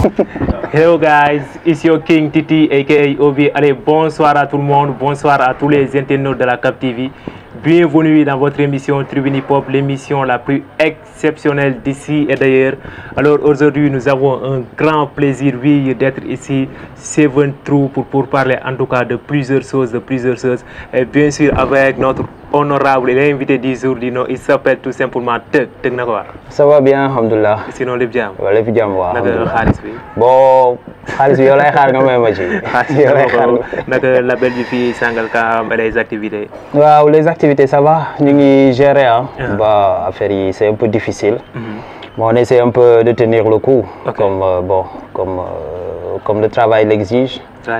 Hello guys, it's your King Titi aka Obi. Allez, bonsoir à tout le monde, bonsoir à tous les internautes de la Cap TV. Bienvenue dans votre émission Tribune Pop, l'émission la plus exceptionnelle d'ici et d'ailleurs. Alors aujourd'hui, nous avons un grand plaisir, oui, d'être ici, Seven True, pour, pour parler en tout cas de plusieurs choses, de plusieurs choses. Et bien sûr, avec notre honorable, invité du jour, il s'appelle tout simplement Teg Teg Ça va bien, Alhamdoulilah. Sinon, les bien. les bien, Bon, xaalis bi yow lay xaar nga may ma ci. yow lay xaar naka label bi fii Sangalkam les activités. waaw les activités ça va ñu ngi gérer hein. ah. ba affaire yi c' est un peu difficile. Mhm. mais on essaie un peu de tenir le coup. comme euh, bon comme euh, comme le travail l' exige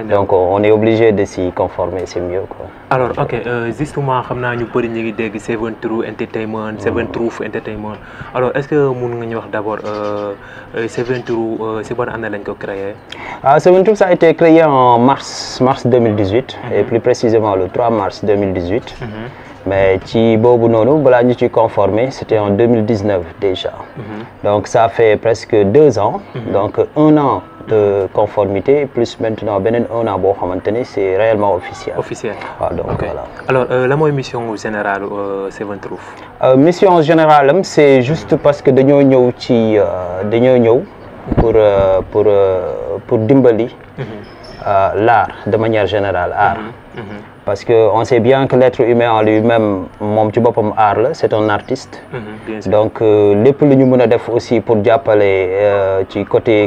donc on est obligé de s'y conformer c'est mieux quoi. alors ok euh, justement je sais ñu bëri Seven Truth Entertainment. Seven mm. Truth Entertainment alors est-ce que vous nga ñu wax d'abord euh, euh, Seven Truth c'est quoi année lañ ko créé. ah Seven Truth ça a été créé en mars mars 2018. Mm-hmm. et plus précisément le 3 mars 2018. Mm-hmm. mais ci boobu Nono, balaa ñu ci conformer c'était en 2019 déjà. Mm-hmm. donc ça fait presque deux ans. donc un an de conformité plus maintenant c'est c'est réellement officiel. officiel alors euh, la mission générale euh, Seven euh, La mission générale c'est juste parce que nous ñëw ci pour pour pour mhm. l'art de manière générale art. Mhm. Mhm parce qu'on sait bien que l'être humain en lui-même mon ci boppam art c'est un artiste mm-hmm, donc euh, le plus ñu avons aussi pour dire, euh, ci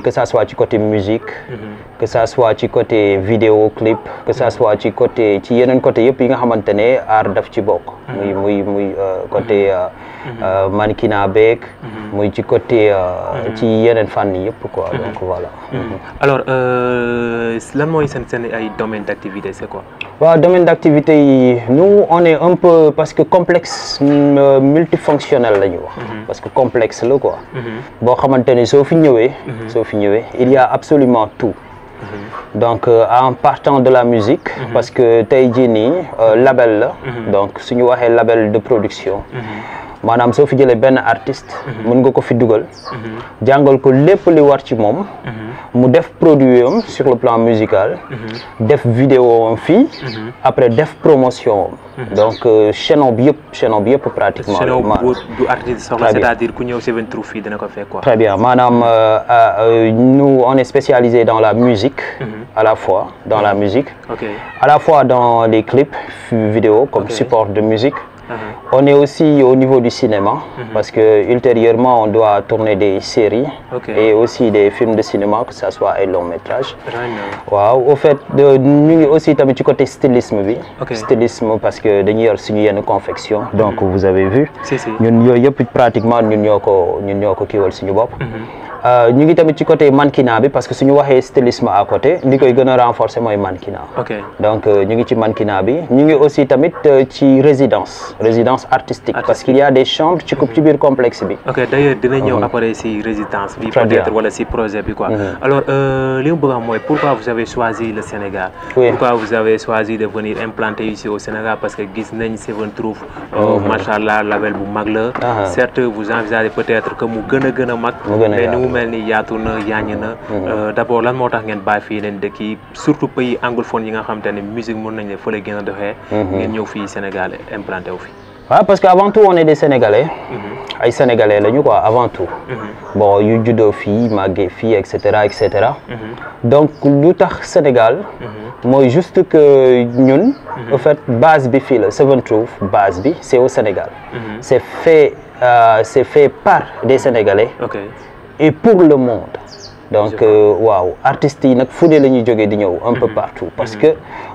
que ça soit du côté musique mm-hmm. que ça soit du côté vidéo clip que ça mm-hmm. soit du côté ci un côté yëpp yi nga a ne art daf ci euh, côté Mhm. Euh, Manikina avec mhm. muy ci côté. Euh, mhm. ci yenen fànn yëpp quoi donc voilà. alors euh, lan mooy seen seen domaine d'activité c'est quoi. Bah domaine d'activité, nous on est un peu parce que complexe mm, multifonctionnel parce que complexe là quoi. boo xamante ne sauf fi il y a absolument tout. donc en partant de la musique parce que tey label donc suñu label de production. Madame Sophie, fi jëlee ben artiste mhm. mën nga ko fi dugal mhm. jàngal ko lépp li war ci mhm. mu def sur le plan musical def vidéo en fi après def promotion donc euh, chaînon bi yëpp chaînon bi yëpp pratiquement du artiste soxla c'est-à-dire ku ñëw Seven Truth fii dina ko fekk quoi très bien maanaam euh, euh, nous on est spécialisé dans la musique à la fois dans la musique à la fois dans les clips vidéo comme support de musique Uh-huh. On est aussi au niveau du cinéma, uh-huh. parce que ultérieurement on doit tourner des séries et aussi des films de cinéma, que ce soit un long métrage. au fait nous aussi tamit ci côté stylisme stylisme parce que dañuy y a une confection. donc mm-hmm. vous avez vu. ñun avons plus pratiquement New York au ñun York euh, nous avons tamit ci côté mankina bi parce que suñu un stylisme à côté nous avons renforcé le renforcer donc nous euh, ngi ci mankina. bi ñu ngi aussi tamit euh, résidence résidence artistique parce qu'il y a des chambres qui sont biir complexe bi ok d'ailleurs dina ñëw ici mhm. résidence bi peut-être wala si projet bi quoi mhm. alors li pourquoi vous avez choisi le Sénégal pourquoi vous avez choisi de venir implanter ici au Sénégal parce que gis nañ Seven Trouve mhm. machallah label bu mag la certes vous envisagez peut-être que vous gën a gën a mel ni yaatu na yaañu na. Mhm. Euh, d' lan moo tax ngeen bàyyi fii leen dëkk yi surtout pays anglophone yi nga xam te ne musique mën nañ la fële gën a doxee. Mhm. ngeen ñëw fii Sénégal implanté wu fi. waaw ah, parce que avant tout on est des Sénégalais. Mhm. ay Sénégalais lañu quoi avant tout. bon yu juddoo fii màggee fii et cetera et cetera. donc lu tax Sénégal. mooy juste que ñun. en fait base bi fii la Seven Truth base bi c' est au Sénégal. c' est fait euh, c' est fait par des Sénégalais et pour le monde donc euh, waaw artistes il faut que un peu mhm. partout mhm. parce que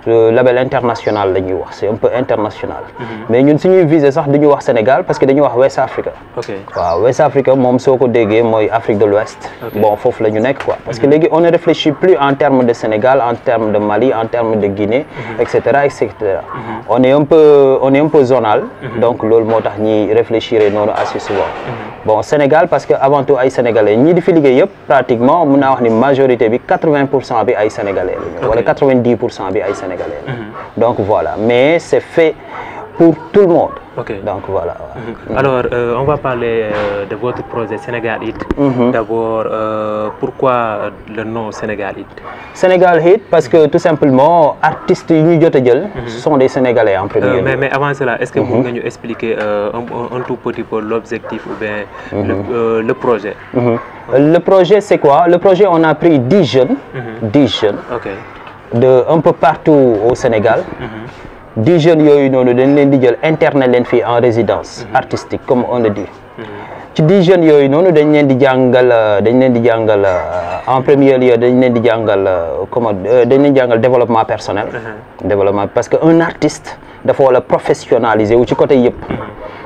le euh, label international c'est un peu international mhm. mais nous avons visé sax au wax Sénégal parce que nous wax West Africa waaw West Africa moom soo ko l'Afrique Afrique de l'Ouest bon il faut que nous quoi parce que léegi on ne réfléchit plus en termes de Sénégal en termes de Mali en termes de Guinée etc etc on est un peu on est un peu zonal donc loolu moo tax ñuy réfléchir à assez souvent bon Sénégal parce que avant tout les Sénégalais ils di fi pratiquement nous avons une majorité 80% des sénégalais 90% sénégalais mhm. donc voilà mais c'est fait pour tout le monde. Donc voilà. Mhm. Alors, euh, on va parler euh, de votre projet Sénégal Hit. Mhm. D'abord, euh, pourquoi le nom Sénégal Hit Sénégal Hit, parce que tout simplement, artistes ce sont des Sénégalais en premier mais, avant cela, est-ce que vous pouvez nous expliquer un, tout petit peu l'objectif ou bien le projet le projet, c'est quoi Le projet, on a pris 10 jeunes, 10 mhm. jeunes, de un peu partout au Sénégal. Mm -hmm. 10 jeunes, ils ont interné en résidence mhm. artistique, comme on le dit. 10 mhm. jeunes nous ont été en premier lieu dañ leen di euh, comment euh, développement personnel parce qu'un artiste il faut le professionnaliser wu ci côté yep,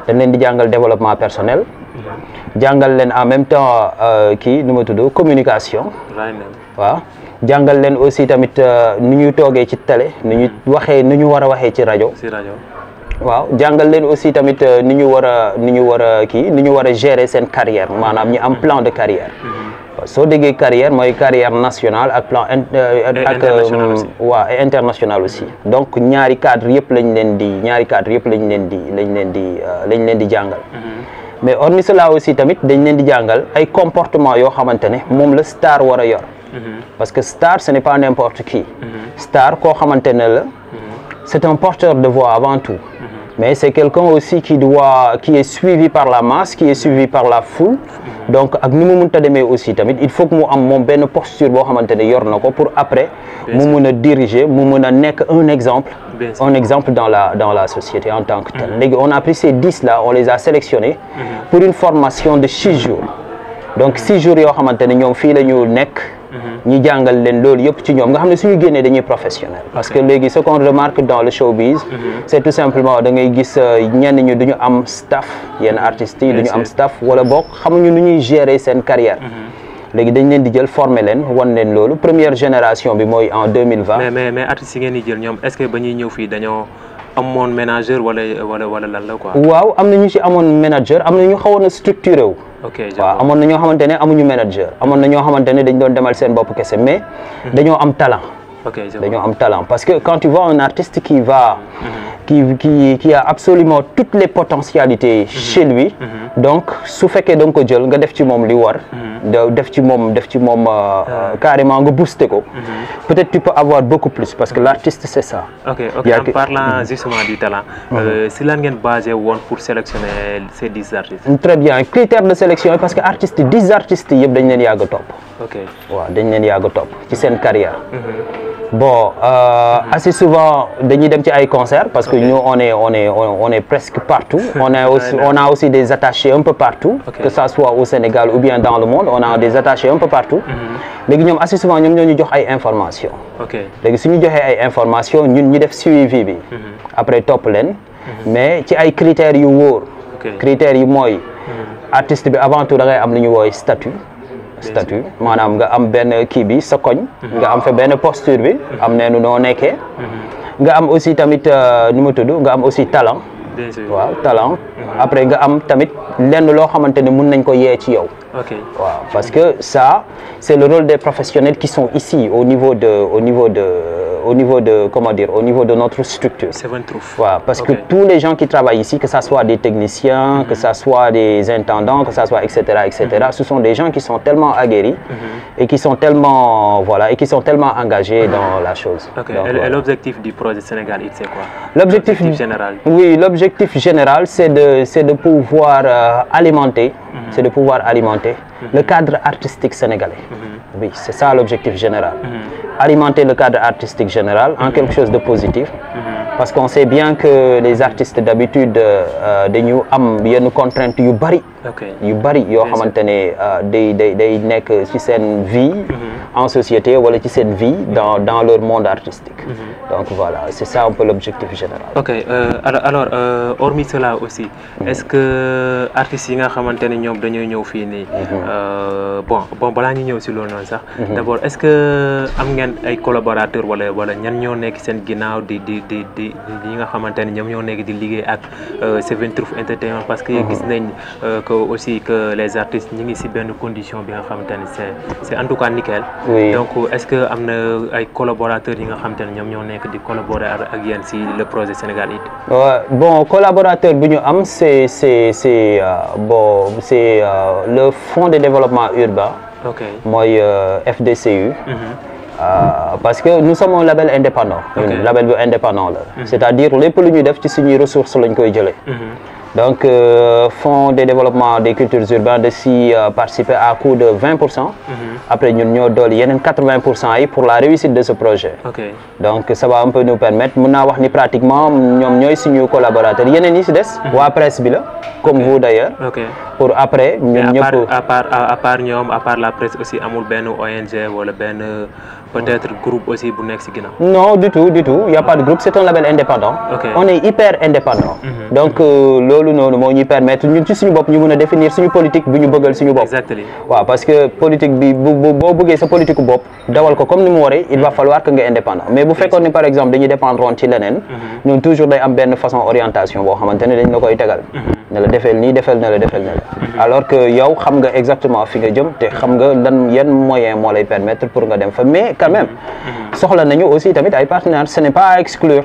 des développement personnel jàngal len en même temps euh, nu ma tudd communication wa jàngal len aussi tamit euh, niñu togué ci télé niñu mm-hmm. waxé niñu wara waxé ci radio ci radio waaw jàngal len aussi tamit euh, niñu wara niñu wara ki niñu wara gérer sen carrière manam ñi am plan de carrière mm-hmm. so déggee carrière moy carrière nationale ak plan euh, ak wa et international aussi mm-hmm. donc ñaari cadre yépp lañ len di ñaari cadre yépp lañ len di lañ len di lañ len di jàngal mais hormis cela aussi tamit dañ leen di jangal ay comportement yo xamantene mom star warrior, mhm. parce que star ce n'est pas n'importe qui mhm. star ko xamantene mhm. c'est un porteur de voix avant tout mais c'est quelqu'un aussi qui doit qui est suivi par la masse qui est suivi par la foule donc ni mu démé aussi tamit il faut que mu am mon ben posture bo xamante yor nako pour après mu meuna diriger mu meuna nek un exemple un exemple dans la dans la société en tant que tel mm-hmm. on a pris ces 10 là on les a sélectionnés mm-hmm. pour une formation de 6 jours donc 6 jours yo xamante ñom fi lañu nek 6 Mhm. ñi jàngal leen loolu yëpp ci ñoom nga xam ne suñu génnee dañuy professionnel parce que léegi ce qu'on remarque dans le showbiz mhm. c' est tout simplement da ngay gis euh, ñenn ñu duñu am staff yenn artistes yi duñu am staff wala boog xamuñu nu ñuy gérer seen carrière mhm. léegi dañ leen di jël former leen wan leen loolu première génération bi mooy en 2020 mais mais mais artistes yi ngeen di jël ñoom est-ce que ba ñuy ñëw fii dañoo amoon manager wala wala wala lan la quoi waaw am na ñu ci amoon manager am na ñu xawoon a structuré wu waaw amoon na ñoo xamante amuñu manager Amon na ñoo xamante ne dañ doon demal sen bopp kese mais mhm. dañoo am talent dañoo am talent parce que quand tu vois un artiste qui va mhm qui, a absolument toutes les potentialités mhm. chez lui mhm. donc si fait que donc ko nga def ci mom li war mhm. def ci mom, euh, ah. euh, carrément nga booster peut-être tu peux avoir beaucoup plus parce que l'artiste c'est ça ok ok en parlant justement du talent euh, si lan base basé pour sélectionner ces 10 artistes très bien critère de sélection parce que artistes dis artistes yeb dañ leen top ok Wa, dañ leen top ci carrière bon euh, mhm. assez souvent dañuy dem ci ay concerts parce que nous on est on est on est presque partout on a aussi des attachés un peu partout que ce soit au Sénégal ou bien dans le monde on a des attachés un peu partout Mais mhm. assez souvent nous avons des informations si Si ñu des informations nous devons def suivi mhm. après top leen mais a des critères des critères yi Les artiste bi avant tout da ngay am statuts. statut statut manam nga am ben kibi, bi sa nga am fait ben posture bi am nenu no nga am aussi tamit euh, am aussi talent waaw talent après nga am tamit lenn lo mën ko ye ci yow parce que ça c'est le rôle des professionnels qui sont ici au niveau de au niveau de au niveau de comment dire, au niveau de notre structure. parce que tous les gens qui travaillent ici, que ce soit des techniciens, que ce soit des intendants, que ce soit etc etc, mhm. ce sont des gens qui sont tellement aguerris mhm. et qui sont tellement voilà et qui sont tellement engagés dans la chose. et, l'objectif du projet Sénégal, c'est quoi L'objectif général. Oui, l'objectif général, c'est de c'est de pouvoir euh, alimenter, mhm. c'est de pouvoir alimenter le cadre artistique sénégalais. Oui, c'est ça l'objectif général. Mm-hmm. Alimenter le cadre artistique général en quelque chose de positif mm-hmm parce qu'on sait bien que les artistes d'habitude euh, euh, ñu am yenn contraintes yu bari yu bari yo xamantene ne euh, day day day nek ci seen vie mhm. en société wala ci seen vie mhm. dans dans leur monde artistique mhm. donc voilà c'est ça un peu l'objectif général ok alors hormis cela aussi est-ce que artistes yi nga xamantene ñom dañoy dañoo fi ni bon bon balaa ñu ñëw ci loolu non sax d'abord est-ce que am ngeen ay collaborateurs wala wala ñan ñoo nek sen ginaaw di di di di ci ñi nga xamante ne ñoo nekk di liggéey ak Seven Truth Entertainment parce que gis nañ euh, que aussi que les artistes ñi ngi ci benn condition bi nga xamante c'est c'est en tout cas nickel donc est-ce que am na ay collaborateurs yi nga xamante ne ñoo nekk di collaborer ak yeen si le projet Sénégal Hit bon collaborateur bu ñu am c'est c'est c'est euh, bon c'est euh, le fonds de développement urbain mooy FDCU mm-hmm. Ah, parce que nous sommes un label indépendant. label mhm. c'est-à-dire que les doivent doivent signer les ressources koy donc, le euh, Fonds de développement des cultures urbaines de si euh, participer à coût de 20%. Mhm. Après, nous avons donné 80% pour la réussite de ce projet. Donc, ça va un peu nous permettre. Nous avons pratiquement nous sommes nos collaborateurs. a des des mhm. qui la presse, comme vous d'ailleurs. Pour après, nous à part, à part, à, part, nous, à part la presse aussi, amul ben ONG ou ben euh, peut-être groupe aussi pour Non, du tout, du tout. Il n'y a pas de groupe. C'est un label indépendant. On est hyper indépendant. Mhm. Donc, euh, le loolu noonu moo ñuy permettre ñun ci suñu bopp ñu mën a définir suñu politique bu ñu bëggal suñu bopp waaw parce que politique bi bu boo bëggee sa politique bopp dawal ko comme ni mu waree il va falloir que nga indépendant mais bu fekkoon ni par exemple dañuy dépendre woon ci leneen mhm. ñun toujours day am benn façon orientation boo xamante ne dañ la koy tegal mhm. ne la defeel nii defeel na la defeel na la mhm. alors que yow xam nga exactement fi nga jëm te xam nga lan yan moyen moo lay permettre pour nga dem fa mais quand même soxla nañu aussi tamit ay partenaires ce n'est pas à exclure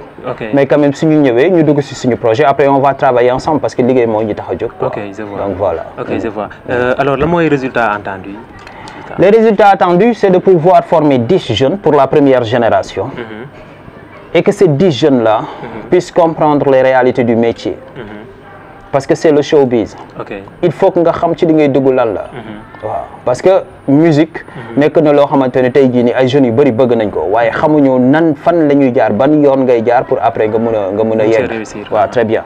mais quand même suñu ñëwee ñu dugg si suñu projet après on va travailler ensemble parce que les gens ñu tax a jóg. ok je donc voilà. ok je vois euh, alors le résultat attendu Le les résultats attendus c'est de pouvoir former 10 jeunes pour la première génération. Mm-hmm. et que ces 10 jeunes là. Mm-hmm. puissent comprendre les réalités du métier. Mm-hmm. parce que c'est le showbiz. il faut que nous xam ci li ngay dugg lan la. parce que musique. c'est na que xamante ne tey ay jeunes yu bëri bëgg nañ ko waaye xamuñu nan fan la jaar ban pour après nga avons très bien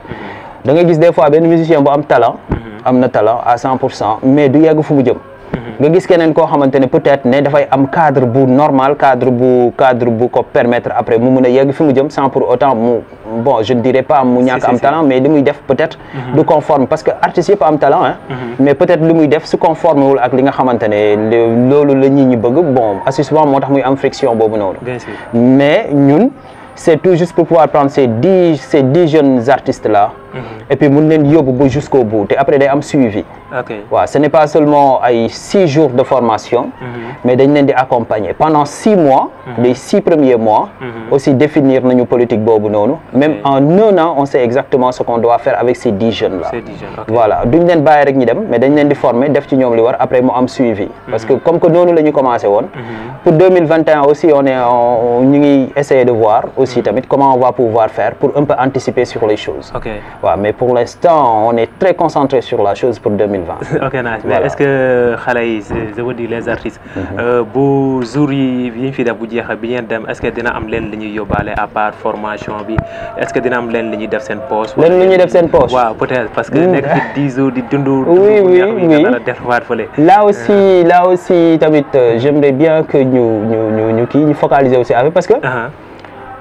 da ngay gis des fois ben musicien bu am talent. Mhm. am talent à 100%. mais du yegg fu mu jëm. Mhm. nga gis kenen ko xamantene peut-être ne fay am cadre bu normal cadre bu cadre bu ko permettre après mu mun a yegg fi mu jëm sans pour autant mu bon je ne dirais pas mu ñàkk am talent mais li def peut-être mhm. du conforme parce que artiste pas am talent hein mais peut-être limuy def su conforme wul ak li nga xamantene lolu loolu la ñi bëgg bon assez souvent muy am friction bobu non, mais ñun c'est tout juste pour pouvoir prendre ces dix ces dix jeunes artistes là Mhm. et puis on y yobou jusqu'au bout et après day am suivi ce n'est pas seulement six jours de formation mhm. mais ils ont accompagné pendant six mois mhm. les six premiers mois aussi définir nañu politique même en un an on sait exactement ce qu'on doit faire avec ces dix jeunes là voilà dix jeunes. bàyyi rek mais former après suivi parce que comme que nous commencé pour 2021 aussi on est essayé de voir aussi comment on va pouvoir faire pour un peu anticiper sur les choses mais pour l'instant, on est très concentré sur la chose pour 2020. ok, nice. Est-ce que Khalaï, je les artistes, mhm. euh, est-ce que dina à part formation est-ce que des poste? peut-être parce que 10 mm. Oui, oui, oui. Là aussi, là aussi euh, j'aimerais bien que nous nous nous aussi parce que uh-huh.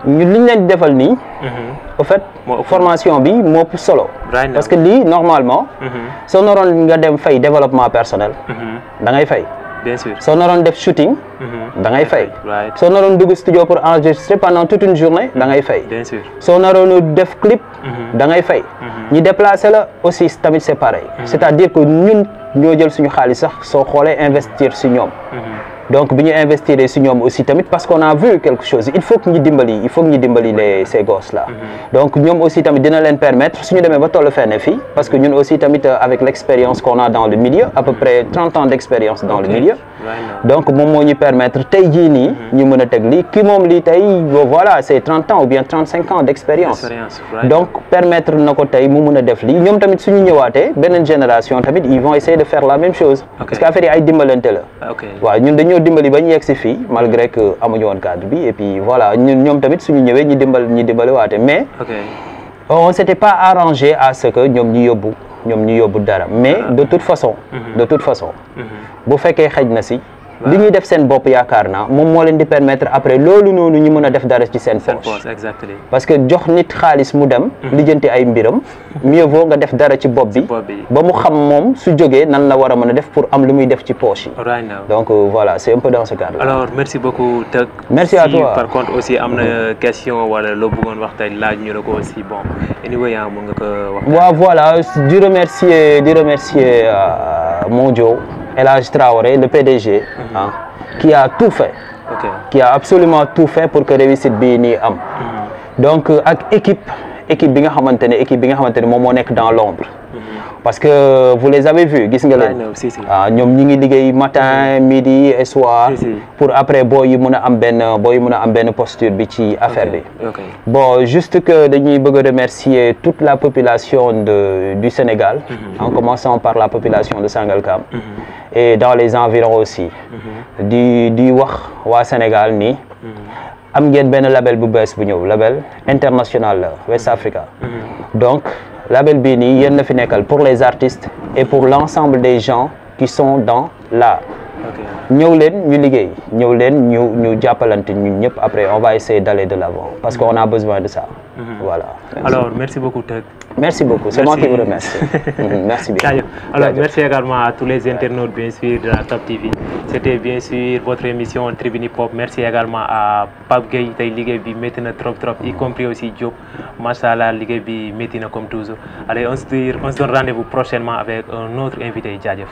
Nous li ñu leen defal nii. en mhm. fait formation bi moi pour solo. parce que li normalement. Mhm. si naroon nga dem fay développement personnel. Mhm. da ngay fay. bien sûr soo naroon def shooting. da Si fay. aura naroon double studio pour enregistrer pendant toute une journée da ngay fay. bien sûr aura naroon def clip. da ngay fay. Ni déplacer la aussi c'est pareil. c'est-à-dire que nous, nous jël suñu xaalis sax soo investir sur nous donc nous avons investir si nous aussi tamit parce qu'on a vu quelque chose il faut que nous dimbali il faut que les ces gosses là mm-hmm. donc nous aussi tamit dina leen permettre suñu demee ba tollu fenn parce que ñun aussi tamit euh, avec l'expérience qu'on a dans le milieu à peu près 30 ans d'expérience dans le milieu donc mon permettre nous, permettre mm-hmm. ñu voilà c'est 30 ans ou bien 35 ans d'expérience. donc permettre nos ko mu mën def génération ils vont essayer de faire la même chose parce qu'a fait ay malgré que amuñu cadre et puis voilà nous tamit suñu ñëwee ñu dimbal mais on s'était pas arrangé à ce que nous mais ah. de toute façon mm-hmm. de toute façon mm-hmm bu fekkee xëj na si li ñuy def seen bopp yaakaar naa moom moo leen di permettre après loolu noonu ñu mën a def dara ci seen exactement parce que jox nit xaalis mu dem mhm. lijjanti ay mbiram mieux vaut nga def dara ci bopp bi ba mu xam moom su jógee nan la war a mën a def pour am lu muy def ci poche yi donc euh, voilà c' est un peu dans ce cadre alors merci beaucoup Teuk merci à toi par contre aussi am na question wala loo bëggoon wax tey laaj ñu la ko aussi bon anyway ah, mën nga ko wax voilà di remercier di remercier euh, Mojo Elage le PDG, mhm. hein, qui a tout fait. Qui a absolument tout fait pour que réussite bi ni mhm. Donc euh, avec équipe équipe bi nga xamantene équipe bi nga xamantene dans l'ombre. Mhm. Parce que euh, vous les avez vus, gis nga len. Ah ñom ñi ngi liguey matin, midi et soir pour après ils yi am ben boy posture bi ci affaire Bon, juste que dañuy bëgg remercier toute la population de du Sénégal en commençant par la population de Sangalkam. Mm et dans les environs aussi. Mhm. du di wax waa Sénégal ni mhm. am un ben label bu bees bu label international West mhm. Africa. donc label est yenn fi pour les artistes et pour l'ensemble des gens qui sont dans l'art. ñëw leen ñu liggéey ñëw leen ñu ñu après on va essayer d'aller de l'avant parce qu'on a besoin de ça. voilà. alors merci beaucoup Teuk. Merci beaucoup. C'est moi qui vous remercie. Mhm, merci bien. Alors, merci également à tous les internautes, bien sûr, de la Top TV. C'était bien sûr votre émission Tribune Pop. Merci également à Pape Gueye, B. a maintenant trop, trop, y compris aussi Diop. Machala, Ligue bi Metina comme toujours. Allez, on se, on donne rendez-vous prochainement avec un autre invité, Djadjef.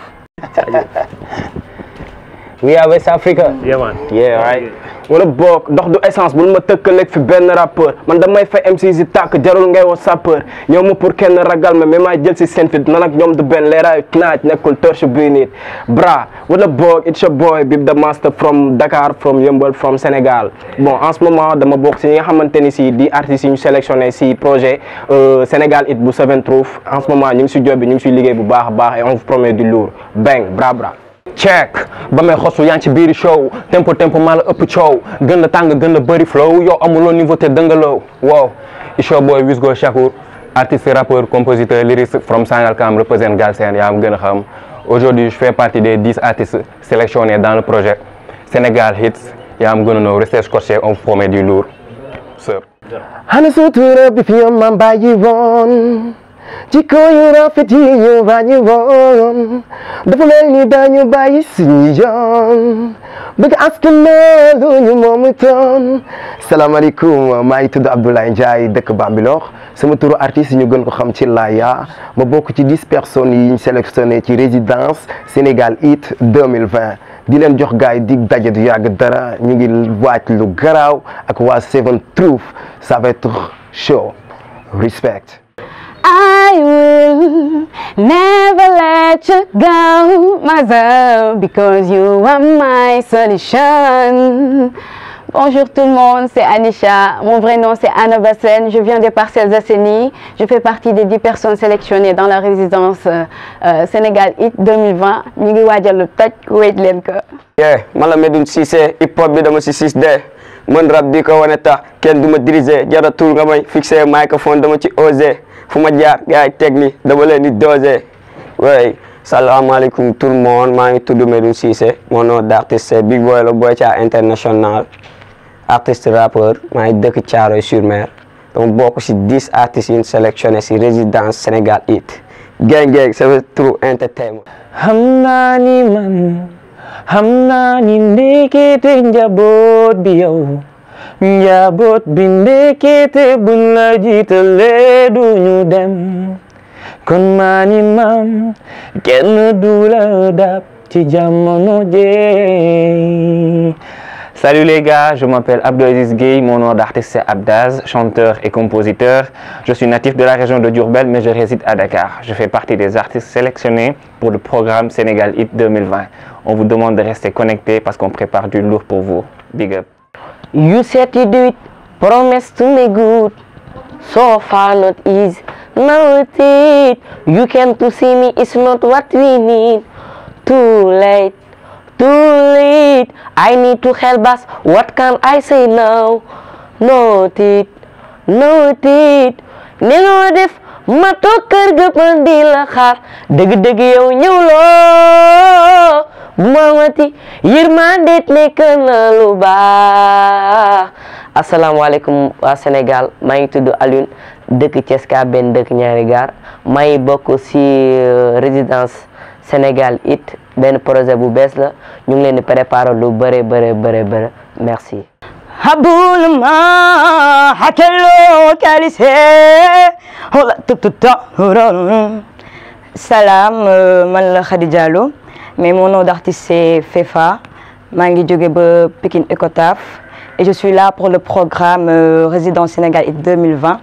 We are West Africa. Yeah, man. Yeah, right. wala boog dox du essence bul ma tëkkaleeg fi benn rapport man damay fay MC si tàkk jarul ngay woo sapeur ñëw ma pour kenn ragal ma mais maa jël si seen fit man ñoom du benn leeraayu naaj nekkul torche bii nit bra wala boog it's your boy Bib the master from Dakar from Yeumbeul from Sénégal bon en ce moment dama book si ñi nga xamante ni si di artistes yi ñu si projet euh, Sénégal it bu Seven Truth en ce moment ñu ngi si job bi ñu ngi siy liggéey bu baax a baax et on vous promet du lourd bang check ba may xosu yaa biiri show tempo tempo maa la ëpp gën la tàng gën la bëri flow yow amuloo niveau te dëngaloo wow isho boy Wizgo Shakur artiste rappeur compositeur lyriciste from Sangalkam représente Galsen yaa gën a xam aujourd'hui je fais partie des dix artistes dans le projet Sénégal Hits yaa gën a nëw recherche coché on promet du lourd sœur xana sutura bi fi ñoom mam bàyyi woon ci ko yu rafet yi ñu bañu woon dafa mel ni dañu bàyyi suñu yoon bëgg askan loolu ñu moomu toon salaamaaleykum maa ngi tudd Abdoulaye Ndiaye dëkk Bambilor sama turu artiste ñu gën ko xam ci Laya ma bokk ci dix personnes yi ñu sélectionné ci résidence Sénégal Hit 2020 di leen jox gars yi di daje du yàgg dara ñu ngi waaj lu garaaw ak waa Seven Truth ça va être respect I will never let you go, mother, because you are my solution. Bonjour tout le monde, c'est Anisha. Mon vrai nom c'est Anna Bassen. Je viens des Parcelles Asseni. Je fais partie des 10 personnes sélectionnées dans la résidence euh, Sénégal Hit 2020. Je ngi waajal lu toj wéet leen ko. Yeah, man la Medoune Cissé, hip hop bi dama si 6D. Man Je bi ko je tax kenn du diriger fixer dama fu ma jaar gars yi teg ni dama leen di dosé way salaamaaleykum tout le monde maa ngi tudd Medoune Cissé mon nom d'artiste Big Boy la Boy Thia international artiste rappeur maa ngi dëkk Thiaroye sur Mer donc bokk si dix artistes yu sélectionné si résidence Sénégal it gang gang c'est true entertainment xam man xam naa ni ndekete njaboot Salut les gars, je m'appelle Abdelaziz Gay, mon nom d'artiste c'est Abdaz, chanteur et compositeur. Je suis natif de la région de Durbel mais je réside à Dakar. Je fais partie des artistes sélectionnés pour le programme Sénégal Hit 2020. On vous demande de rester connectés parce qu'on prépare du lourd pour vous. Big up. You said you do it, promise to me good. So far not is not it. You came to see me, it's not what we need. Too late, too late. I need to help us, what can I say now? Not it, Not it. Nengo if ma di la xaar degg Mawati Yirman lekk na lu Assalamualaikum, uh, Senegal. waa Sénégal maa ngi tudd Alioune dëkk Thiès Dek benn dëkk ñaari gaar maa ngi it ben projet bu bees la ñu ngi leen préparer lu bere bëre bëre bëre merci habul ma hakelo kalise hola tutta salam uh, man la mais mon nom d'artiste c'est Fefa Mangi Djogebe Pekin Ecotaf et je suis là pour le programme euh, Résidence Sénégal 2020.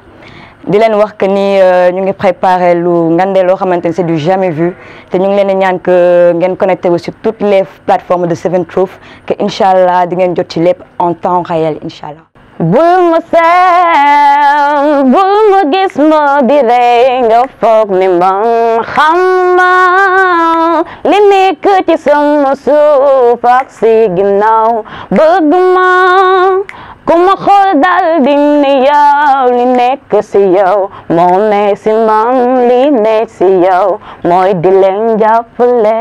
di vous wax que nous euh, ñu ngi préparé lu ngandee c'est du jamais vu Nous ñu ngi que nous connecté sur toutes les plateformes de Seven Truth que Inch'Allah, allons di ngeen en temps réel bul ma seel bul ma gis ma di rey nga foog ni man xam li nekk ci sama suuf ak si ginnaaw bëgg ma ku ma xool dal di ne yow li nekk si yow moo ne si man li nekk si yow mooy di leen jàppale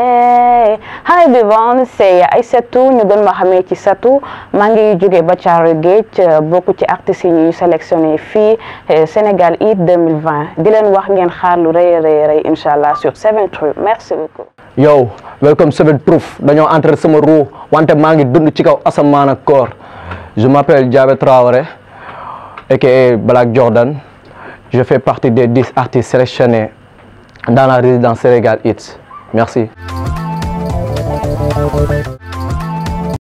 hi everyone c'est Aïssatou ñu gën ma xamee ci Satou maa ngi jóge ba Thiaroye Géej bokk ci artistes yi ñu sélectionné fii eh, Sénégal Hit 2020 di leen wax ngeen xaar lu rëy rëy rëy incha allah sur 7 Truth merci beaucoup. yow welcome 7 Truth dañoo entre sama ruu wante maa ngi dund ci kaw asamaan ak koor. Je m'appelle Diabé Traoré, et Black Jordan. Je fais partie des 10 artistes sélectionnés dans la résidence Sénégal Hits. Merci.